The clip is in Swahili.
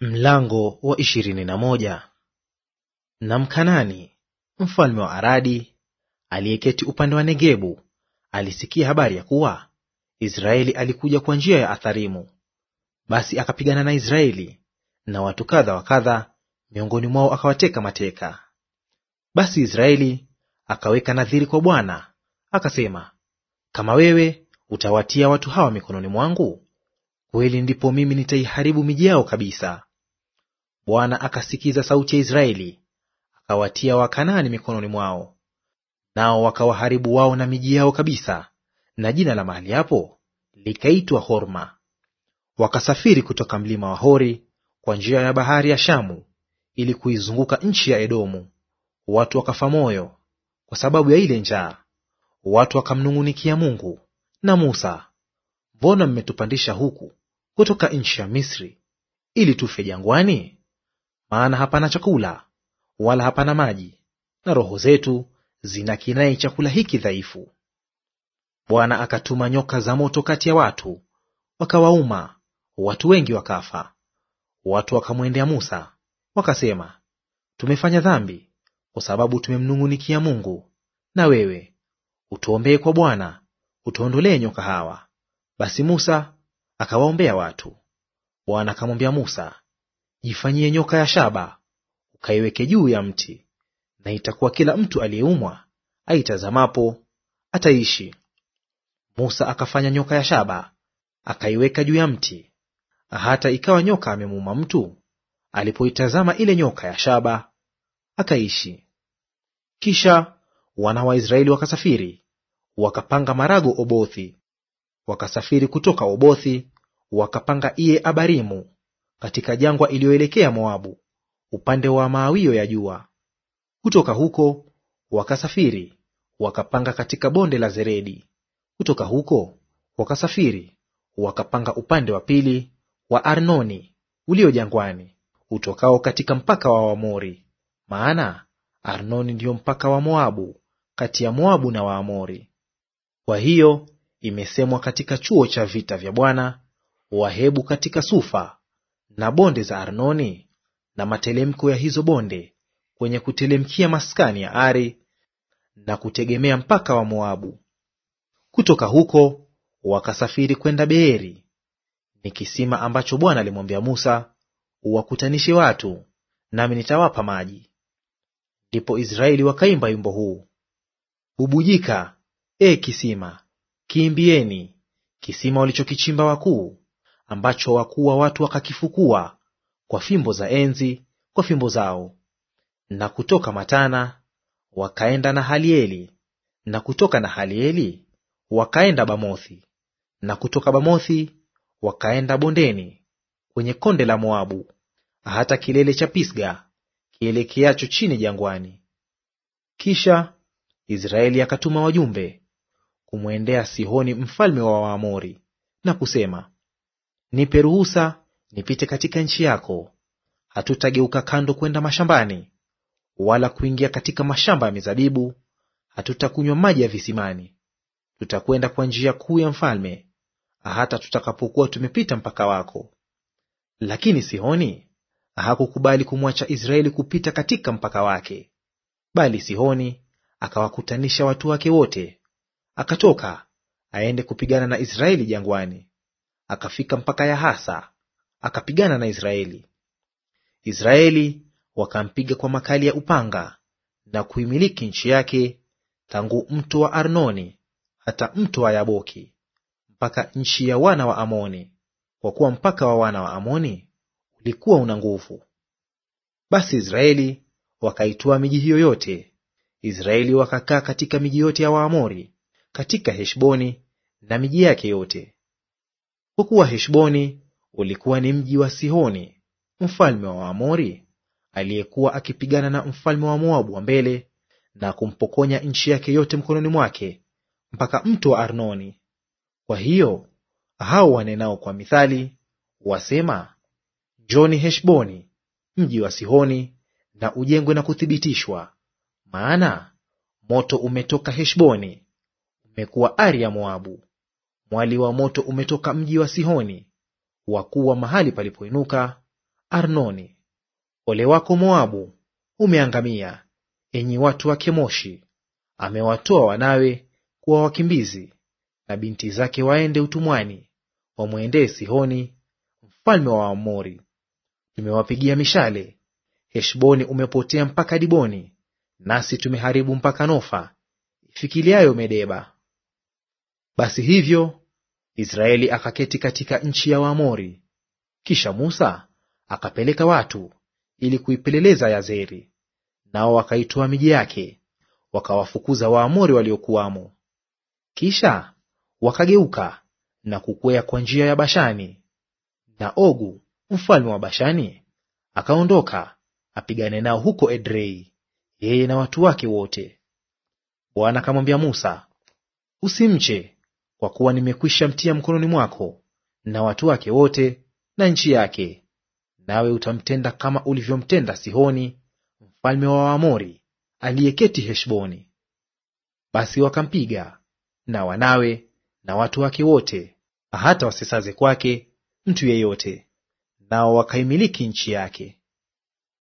Mlango wa ishirini na moja. Na Mkanani mfalme wa Aradi aliyeketi upande wa Negebu alisikia habari ya kuwa Israeli alikuja kwa njia ya Atharimu, basi akapigana na Israeli, na watu kadha wa kadha miongoni mwao akawateka mateka. Basi Israeli akaweka nadhiri kwa Bwana akasema, kama wewe utawatia watu hawa mikononi mwangu, kweli ndipo mimi nitaiharibu miji yao kabisa. Bwana akasikiza sauti ya Israeli, akawatia Wakanaani mikononi mwao, nao wakawaharibu wao na miji yao kabisa, na jina la mahali hapo likaitwa Horma. Wakasafiri kutoka mlima wa Hori kwa njia ya bahari ya Shamu ili kuizunguka nchi ya Edomu. Watu wakafa moyo kwa sababu ya ile njaa. Watu wakamnung'unikia Mungu na Musa, mbona mmetupandisha huku kutoka nchi ya Misri ili tufe jangwani? maana hapana chakula wala hapana maji, na roho zetu zina kinai chakula hiki dhaifu. Bwana akatuma nyoka za moto kati ya watu, wakawauma watu wengi, wakafa. Watu wakamwendea Musa wakasema, tumefanya dhambi kwa sababu tumemnung'unikia Mungu, na wewe utuombee kwa Bwana, utuondolee nyoka hawa. Basi Musa akawaombea watu. Bwana akamwambia Musa, Jifanyie nyoka ya shaba, ukaiweke juu ya mti, na itakuwa kila mtu aliyeumwa aitazamapo ataishi. Musa akafanya nyoka ya shaba, akaiweka juu ya mti, hata ikawa nyoka amemuuma mtu, alipoitazama ile nyoka ya shaba akaishi. Kisha wana wa Israeli wakasafiri, wakapanga marago Obothi, wakasafiri kutoka Obothi wakapanga Iye Abarimu katika jangwa iliyoelekea Moabu, upande wa maawio ya jua. Kutoka huko wakasafiri wakapanga katika bonde la Zeredi. Kutoka huko wakasafiri wakapanga upande wa pili wa Arnoni ulio jangwani, utokao katika mpaka wa Waamori, maana Arnoni ndiyo mpaka wa Moabu, kati ya Moabu na Waamori. Kwa hiyo imesemwa katika chuo cha vita vya Bwana, wahebu katika Sufa na bonde za Arnoni na matelemko ya hizo bonde kwenye kutelemkia maskani ya Ari na kutegemea mpaka wa Moabu. Kutoka huko wakasafiri kwenda Beeri, ni kisima ambacho Bwana alimwambia Musa, uwakutanishe watu nami nitawapa maji. Ndipo Israeli wakaimba wimbo huu: Bubujika, e kisima, kiimbieni kisima walichokichimba wakuu, ambacho wakuu wa watu wakakifukua kwa fimbo za enzi kwa fimbo zao. Na kutoka Matana wakaenda Nahalieli, na kutoka Nahalieli wakaenda Bamothi, na kutoka Bamothi wakaenda bondeni kwenye konde la Moabu hata kilele cha Pisga kielekeacho chini jangwani. Kisha Israeli akatuma wajumbe kumwendea Sihoni mfalme wa Waamori na kusema, nipe ruhusa nipite katika nchi yako. Hatutageuka kando kwenda mashambani, wala kuingia katika mashamba ya mizabibu; hatutakunywa maji ya visimani. Tutakwenda kwa njia kuu ya mfalme, hata tutakapokuwa tumepita mpaka wako. Lakini Sihoni hakukubali kumwacha Israeli kupita katika mpaka wake, bali Sihoni akawakutanisha watu wake wote, akatoka aende kupigana na Israeli jangwani akafika mpaka Yahasa, akapigana na Israeli. Israeli wakampiga kwa makali ya upanga na kuimiliki nchi yake tangu mto wa Arnoni hata mto wa Yaboki mpaka nchi ya wana wa Amoni, kwa kuwa mpaka wa wana wa Amoni ulikuwa una nguvu. Basi Israeli wakaitoa miji hiyo yote. Israeli wakakaa katika miji yote ya Waamori katika Heshboni na miji yake yote. Kwa kuwa Heshboni ulikuwa ni mji wa Sihoni mfalme wa Waamori, aliyekuwa akipigana na mfalme wa Moabu wa mbele, na kumpokonya nchi yake yote mkononi mwake mpaka mto wa Arnoni. Kwa hiyo hao wanenao kwa mithali wasema, Njoni Heshboni, mji wa Sihoni, na ujengwe na kuthibitishwa; maana moto umetoka Heshboni, umekuwa ari ya Moabu. Mwali wa moto umetoka mji wa Sihoni, wakuu wa mahali palipoinuka, Arnoni. Ole wako Moabu, umeangamia, enyi watu wa Kemoshi! Amewatoa wanawe kuwa wakimbizi, na binti zake waende utumwani, wamwendee Sihoni mfalme wa Waamori. Tumewapigia mishale, Heshboni umepotea mpaka Diboni, nasi tumeharibu mpaka Nofa ifikiliayo Medeba. Basi hivyo Israeli akaketi katika nchi ya Waamori. Kisha Musa akapeleka watu ili kuipeleleza Yazeri, nao wakaitoa miji yake, wakawafukuza Waamori waliokuwamo. Kisha wakageuka na kukwea kwa njia ya Bashani, na Ogu mfalme wa Bashani akaondoka apigane nao huko Edrei, yeye na watu wake wote. Bwana akamwambia Musa, usimche kwa kuwa nimekwisha mtia mkononi mwako na watu wake wote na nchi yake, nawe utamtenda kama ulivyomtenda Sihoni mfalme wa Waamori aliyeketi Heshboni. Basi wakampiga na wanawe na watu wake wote, hata wasisaze kwake mtu yeyote, nao wakaimiliki nchi yake.